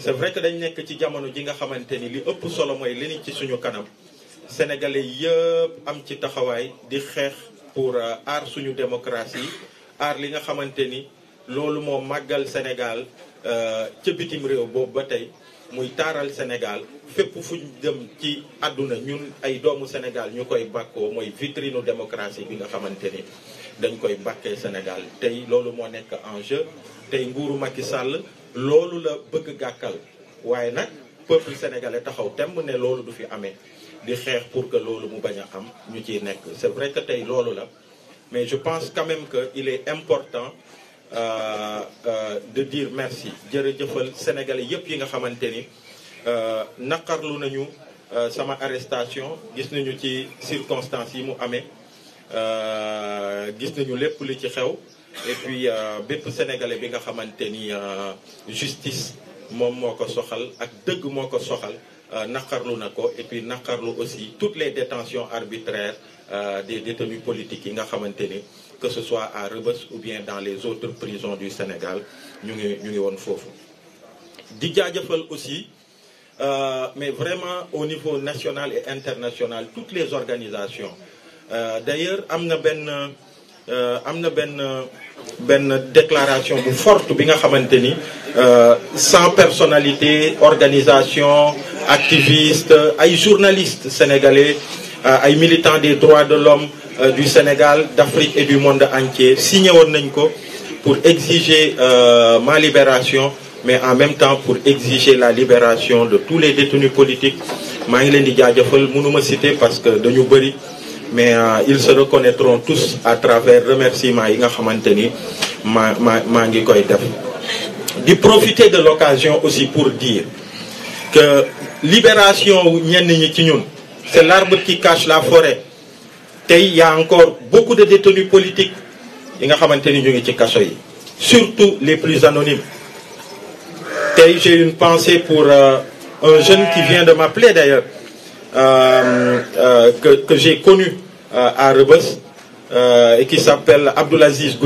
c'est vrai que dañ nekk ci jamono ji nga xamante ni li ëpp solo mooy li ci suñu kanam sénégalais yëpp am ci taxawaay di xeex pour euh, aar suñu démocratie aar li nga xamante ni loolu moo màggal Sénégal euh, ca bitim réew boobu ba tey muy taaral Sénégal fépp fuñ jëm ci àdduna ñun ay doomu Sénégal ñu koy bàkkoo mooy vitrine démocratie bi nga xamante ni dañ koy bàkkee Sénégal tey loolu moo nekk enjeu tey nguuru Macky sàll loolu la bëgg gàkkal waaye nag peuple sénégalais taxaw temm ne loolu du fi amee di xeex pour que loolu mu bañ a am ñu ciy nekk c'est vrai que tey loolu la mais je pense quand même que il est important euh, euh, de dire merci jërëjëfal sénégalais yépp yi nga xamante ni euh, naqarlu nañu euh, sama arrestation gis nañu ci circonstances yi mu amee euh, gis nañu lépp li ci xew et puis euh, bépp sénégalais bi nga xamante ni euh, justice moom moo ko soxal ak dëgg moo ko soxal euh, et puis naqarlu aussi toutes les détentions arbitraires des détenus politiques yi nga xamante que ce soit à Rebus ou bien dans les autres prisons du Sénégal ñu ngi ñu ngi woon foofu. di aussi mais vraiment au niveau national et international toutes les organisations d'ailleurs am na benn. Euh, amna ben ben déclaration forte bi nga xamanteni euh, sans personnalité organisation activiste ay journalistes sénégalais euh, ay militants des droits de l'homme du Sénégal d'Afrique et du monde entier signé won nañ pour exiger ma libération mais en même temps pour exiger la libération de tous les détenus politiques Je ngi citer parce que dañu mais euh, ils se reconnaîtront tous à travers remercie yi nga profiter de l'occasion aussi pour dire que libération c'est l'arbre qui cache la forêt il y a encore beaucoup de détenus politiques surtout les plus anonymes j'ai une pensée pour euh, un jeune qui vient de m'appeler d'ailleurs euh, euh, que, j'ai connu euh, à Rebus et qui s'appelle Abdulaziz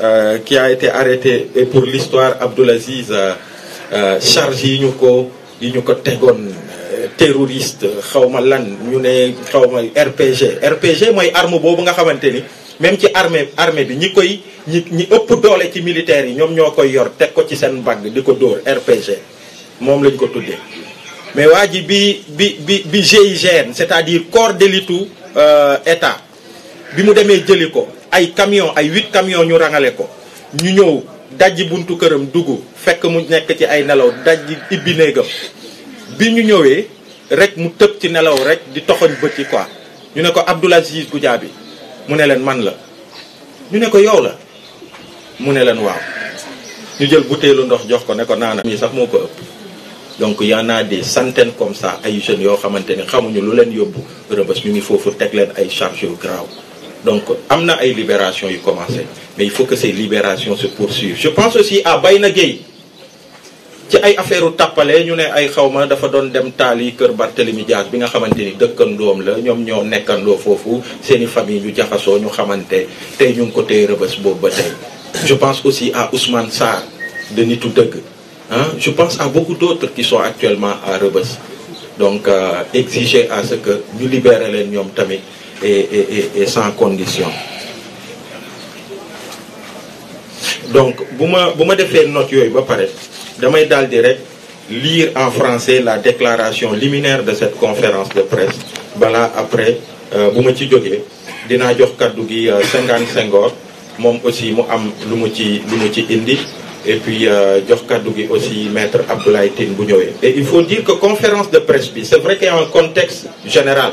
euh, qui a été arrêté. Et pour l'histoire, Abdulaziz chargé Yunuko, terroriste, RPG. RPG arme même ci l'armée armée bi ñi koy ñi doole ci militaire yi yor RPG mais waa ji bi bi bi bi GIGN c'est-à-dire corps d'élite euh, état bi mu demee jëli ko ay camion ay huit camions ñu rangale ko ñu ñëw dajji buntu këram dugg fekk mu nekk ci ay nelaw dajji ibbi néegam bi ñu ñëwee rek mu tëb ci nelaw rek di toxoñ bët yi quoi ñu ne ko Abdoul Aziz Goudiaby mu ne leen man la ñu ne ko yow la mu ne leen waaw ñu jël butéelu ndox jox ko ne ko naana mi sax moo ko ëpp donc il y en a des centaines comme ça ay jeunes qui xamante ni xamuñu lu leen yóbbu rëbës ñu ngi foofu teg leen ay charges grave donc am na ay libération yu commencé mais il faut que ces libérations se poursuivent je pense aussi à Bayna Gueye ci ay affaire u tàppale ñu ne ay xawma dafa doon dem taal yi kër Barthélemy Dias bi nga xamante ni dëkkandoom la ñoom ñoo nekkandoo foofu seeni famille ñu jaxasoo ñu xamante tey ñu ngi ko téy rëbës boobu ba tey je pense aussi à Ousmane Sarr de nitu dëgg Hein? Je pense à beaucoup d'autres qui sont actuellement à Rebus. Donc, euh, exiger à ce que nous libérions les Nyom Tamé et, et, et, sans condition. Donc, si je fais une note, je vais dire lire en français la déclaration liminaire de cette conférence de presse. Voilà, après, vous euh, ma ci jógee dinaa jox kaddu gi euh, Senghane Senghor aussi mu am lu mu ci indi et puis euh, jox kaddu aussi maître Abdoulaye Tine et il faut dire que conférence de presse c'est vrai qu'il y a un contexte général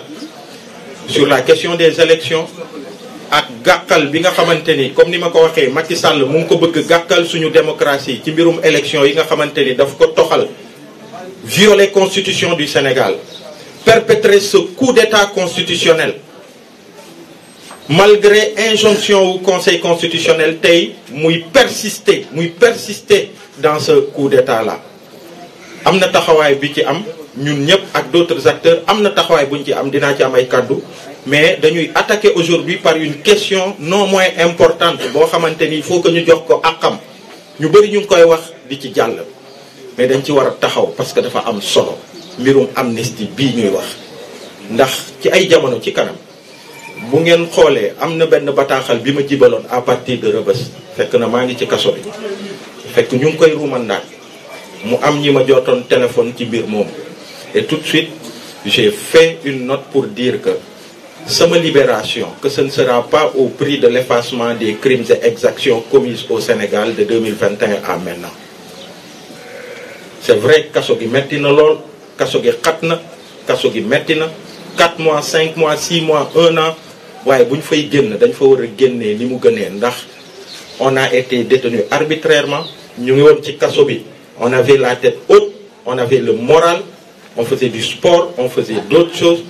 sur la question des élections ak gàkkal bi nga xamante comme ni ma ko waxee Macky Sall mu ko bëgg suñu démocratie ci mbirum élection yi nga xamante daf ko toxal violer constitution du Sénégal perpétrer ce coup d'état constitutionnel malgré injonction au conseil constitutionnel nous muy persister persister dans ce coup d'état là am na bi ci am ñun ñep ak d'autres acteurs am na buñ ci am dina ci am ay mais attaquer aujourd'hui par une question non moins importante bo xamanteni faut que ñu jox ko ñu que ñu koy wax di ci mais dañ ci war taxaw parce que dafa am solo amnistie bi ñuy wax ndax ci ay jamono ci kanam bu ngeen xoolee am na benn bima bi ma jibaloon à partir de Rebeuss fekk na maa ci kaso bi fekk ñu ngi koy rumandaat mu am ñi ma jotoon téléphone ci mbir et tout de suite j'ai fait une note pour dire que sama libération que ce ne sera pas au prix de l'effacement des crimes et exactions commises au Sénégal de 2021 à maintenant c'est vrai kaso gi metti na lool kaso gi xat na kaso gi metti na 4 mois 5 mois 6 mois 1 an waaye bu ñu fay génn dañ fa war a génnee ni mu ndax on a été détenu arbitrairement ñu ngi woon ci kaso bi on avait la tête haute on avait le moral on faisait du sport on faisait d'autres choses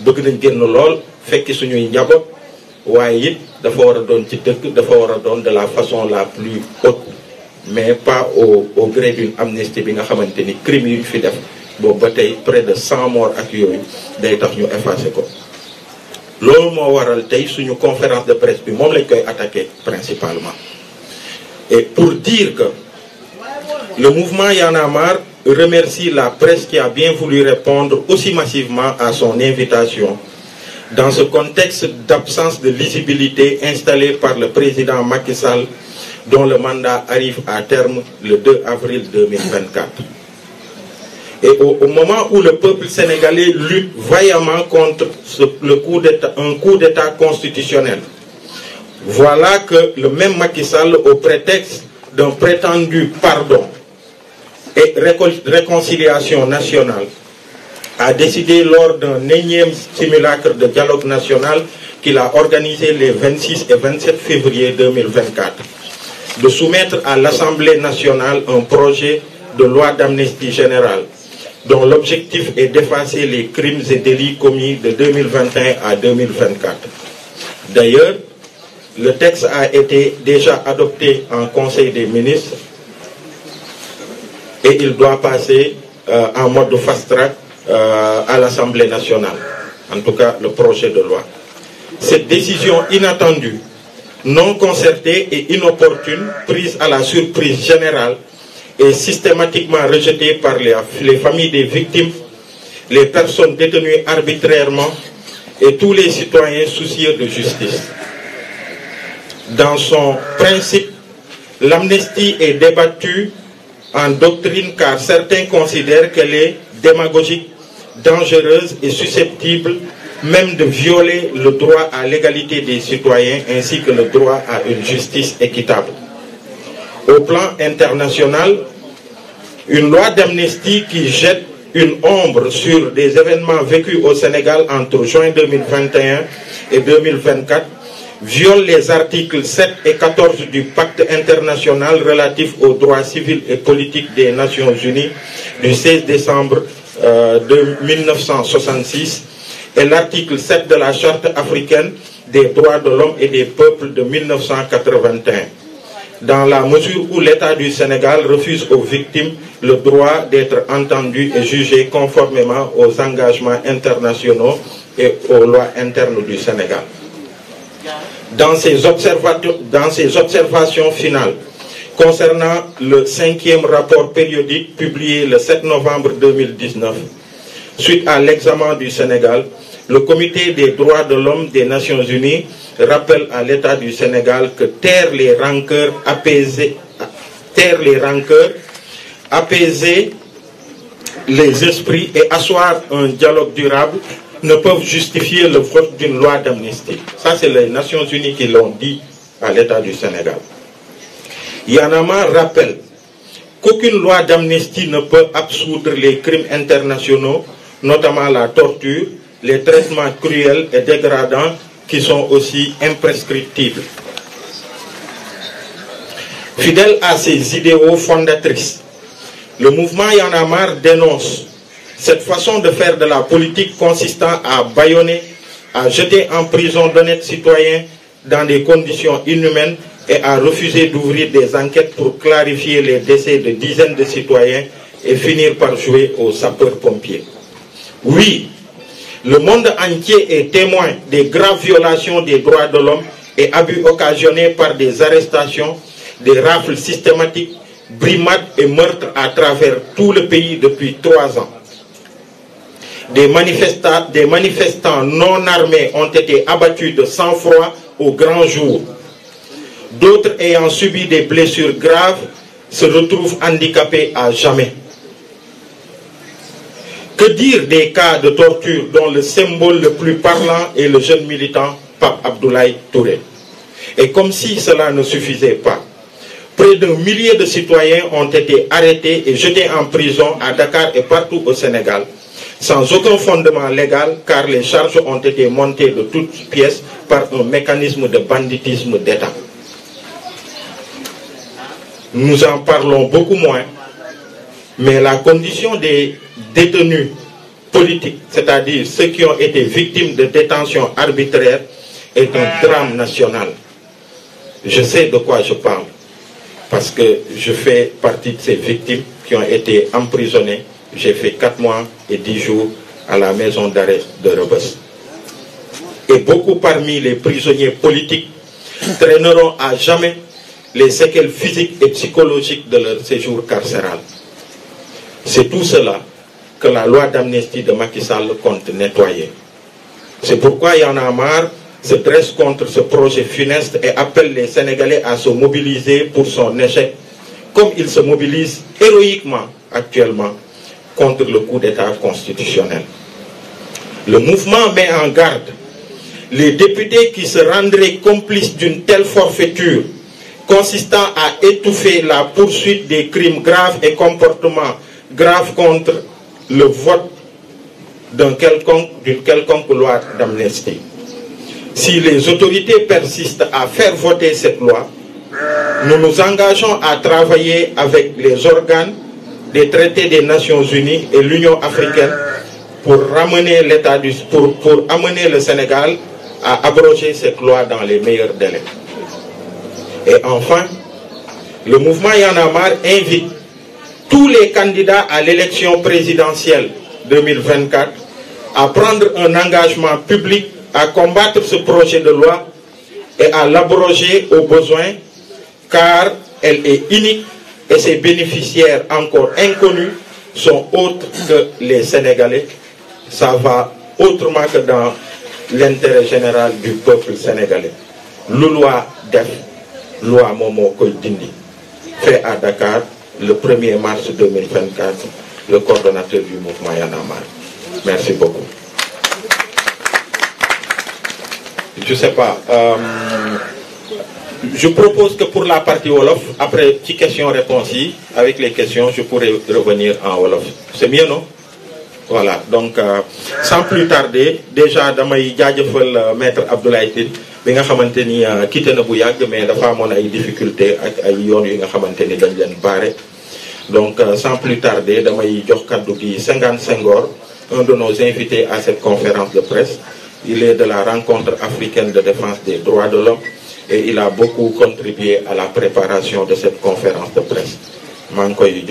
bëgg nañ génn lool fekki suñuy njaboot waaye it dafa war a doon ci dëkk dafa war a de la façon la plus haute mais pas au au gré d'une amnistie bi nga xamante crimes yu ñu fi def ba près de 100 morts ak yooyu day tax ñu effacer ko loolu moo waral sous une conférence de presse puis moom lañ koy attaqué principalement et pour dire que le mouvement Yanamar remercie la presse qui a bien voulu répondre aussi massivement à son invitation dans ce contexte d'absence de lisibilité installée par le président Macky Sall dont le mandat arrive à terme le 2 avril 2024. Et au, moment où le peuple sénégalais lutte vaillamment contre le coup un coup d'État constitutionnel, voilà que le même Macky Sall, au prétexte d'un prétendu pardon et réconciliation nationale, a décidé lors d'un énième simulacre de dialogue national qu'il a organisé les 26 et 27 février 2024 de soumettre à l'Assemblée nationale un projet de loi d'amnistie générale dont l'objectif est d'effacer les crimes et délits commis de 2021 à 2024. D'ailleurs, le texte a été déjà adopté en Conseil des ministres et il doit passer euh, en mode fast-track euh, à l'Assemblée nationale, en tout cas le projet de loi. Cette décision inattendue, non concertée et inopportune, prise à la surprise générale, est systématiquement rejetée par les, les familles des victimes, les personnes détenues arbitrairement et tous les citoyens soucieux de justice. Dans son principe, l'amnistie est débattue en doctrine car certains considèrent qu'elle est démagogique, dangereuse et susceptible même de violer le droit à l'égalité des citoyens ainsi que le droit à une justice équitable au plan international, une loi d'amnistie qui jette une ombre sur des événements vécus au Sénégal entre juin 2021 et 2024 viole les articles 7 et 14 du pacte international relatif aux droits civils et politiques des Nations Unies du 16 décembre 1966 euh, et l'article 7 de la Charte africaine des droits de l'homme et des peuples de 1981 dans la mesure où l'État du Sénégal refuse aux victimes le droit d'être entendues et jugées conformément aux engagements internationaux et aux lois internes du Sénégal. Dans ses, observations finales concernant le cinquième rapport périodique publié le 7 novembre 2019, suite à l'examen du Sénégal, le comité des droits de l'homme des Nations Unies rappelle à l'État du Sénégal que taire les rancœurs apaiser, les rancœurs, apaiser les esprits et asseoir un dialogue durable ne peuvent justifier le vote d'une loi d'amnistie. Ça, c'est les Nations Unies qui l'ont dit à l'État du Sénégal. Yanama rappelle qu'aucune loi d'amnistie ne peut absoudre les crimes internationaux, notamment la torture, les traitements cruels et dégradants qui sont aussi imprescriptibles. Fidèle à ses idéaux fondatrices, le mouvement Yanamar dénonce cette façon de faire de la politique consistant à bâillonner, à jeter en prison d'honnêtes citoyens dans des conditions inhumaines et à refuser d'ouvrir des enquêtes pour clarifier les décès de dizaines de citoyens et finir par jouer au sapeur pompiers Oui, le monde entier est témoin des graves violations des droits de l'homme et abus occasionnés par des arrestations, des rafles systématiques, brimades et meurtres à travers tout le pays depuis trois ans. Des, des manifestants non armés ont été abattus de sang-froid au grand jour. D'autres ayant subi des blessures graves se retrouvent handicapés à jamais. Que dire des cas de torture dont le symbole le plus parlant est le jeune militant Pape Abdoulaye Touré Et comme si cela ne suffisait pas, près d'un millier de citoyens ont été arrêtés et jetés en prison à Dakar et partout au Sénégal, sans aucun fondement légal car les charges ont été montées de toutes pièces par un mécanisme de banditisme d'État. Nous en parlons beaucoup moins, mais la condition des détenus politiques, c'est-à-dire ceux qui ont été victimes de détention arbitraire, est un drame national. Je sais de quoi je parle, parce que je fais partie de ces victimes qui ont été emprisonnées. J'ai fait 4 mois et 10 jours à la maison d'arrêt de Robes. Et beaucoup parmi les prisonniers politiques traîneront à jamais les séquelles physiques et psychologiques de leur séjour carcéral. C'est tout cela que la loi d'amnistie de Macky Sall compte nettoyer. C'est pourquoi Yann Amar se dresse contre ce projet funeste et appelle les Sénégalais à se mobiliser pour son échec, comme ils se mobilisent héroïquement actuellement contre le coup d'État constitutionnel. Le mouvement met en garde les députés qui se rendraient complices d'une telle forfaiture consistant à étouffer la poursuite des crimes graves et comportements graves contre le vote d'une quelconque, d'une quelconque loi d'amnistie. Si les autorités persistent à faire voter cette loi, nous nous engageons à travailler avec les organes des traités des Nations Unies et l'Union africaine pour ramener l'État du pour, pour amener le Sénégal à abroger cette loi dans les meilleurs délais. Et enfin, le mouvement Yanamar invite tous les candidats à l'élection présidentielle 2024 à prendre un engagement public à combattre ce projet de loi et à l'abroger au besoin car elle est unique et ses bénéficiaires encore inconnus sont autres que les Sénégalais. Ça va autrement que dans l'intérêt général du peuple sénégalais. Le loi def, loi Momo Koydini, fait à Dakar, le 1er mars 2024, le coordonnateur du mouvement Yanamar. Merci beaucoup. Je ne sais pas. Euh, je propose que pour la partie Wolof, après petite question-réponse, avec les questions, je pourrais revenir en Wolof. C'est mieux, non voilà donc euh, sans plus tarder déjà damay le euh, maître Abdoulaye Tine bi nga maintenir ni euh, quitté na bu mais dafa amone ay difficulté ak ay yoon yi nga xamante ni dañ leen donc sans plus tarder damay jox kaddu bi Senghor un de nos invités à cette conférence de presse il est de la rencontre africaine de défense des droits de l'homme et il a beaucoup contribué à la préparation de cette conférence de presse mang koy